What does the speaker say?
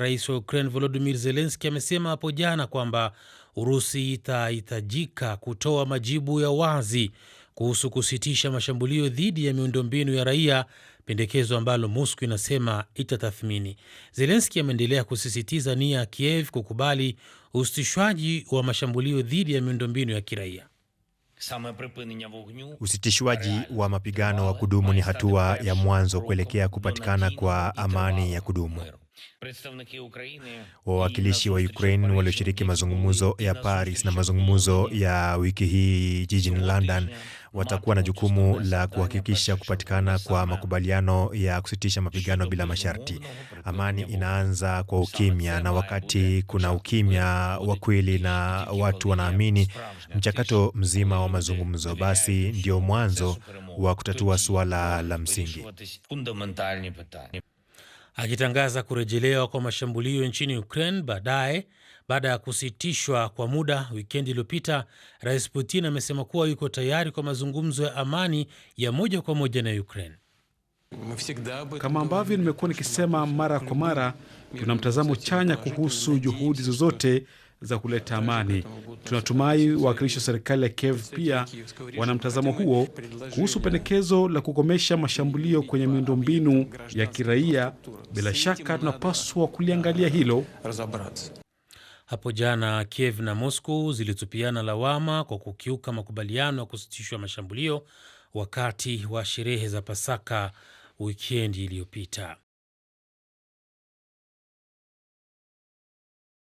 Rais wa Ukraine Volodymyr Zelensky amesema hapo jana kwamba Urusi itahitajika kutoa majibu ya wazi kuhusu kusitisha mashambulio dhidi ya miundombinu ya raia, pendekezo ambalo Moscow inasema itatathmini. Zelensky ameendelea kusisitiza nia ya Kiev kukubali usitishwaji wa mashambulio dhidi ya miundombinu ya kiraia. Usitishwaji wa mapigano wa kudumu ni hatua ya mwanzo kuelekea kupatikana kwa amani ya kudumu. Wawakilishi wa Ukraine walioshiriki mazungumzo ya Paris na mazungumzo ya wiki hii jijini London watakuwa na jukumu la kuhakikisha kupatikana kwa makubaliano ya kusitisha mapigano bila masharti. Amani inaanza kwa ukimya, na wakati kuna ukimya wa kweli na watu wanaamini mchakato mzima wa mazungumzo, basi ndio mwanzo wa kutatua suala la msingi akitangaza kurejelewa kwa mashambulio nchini Ukraine baadaye baada ya kusitishwa kwa muda wikendi iliyopita. Rais Putin amesema kuwa yuko tayari kwa mazungumzo ya amani ya moja kwa moja na Ukraine. Kama ambavyo nimekuwa nikisema mara kwa mara, tuna mtazamo chanya kuhusu juhudi zozote za kuleta amani. Tunatumai wawakilishi wa serikali ya Kiev pia wana mtazamo huo kuhusu pendekezo la kukomesha mashambulio kwenye miundombinu ya kiraia. Bila shaka tunapaswa kuliangalia hilo. Hapo jana Kiev na Moscow zilitupiana lawama kwa kukiuka makubaliano ya kusitishwa mashambulio wakati wa sherehe za Pasaka wikendi iliyopita.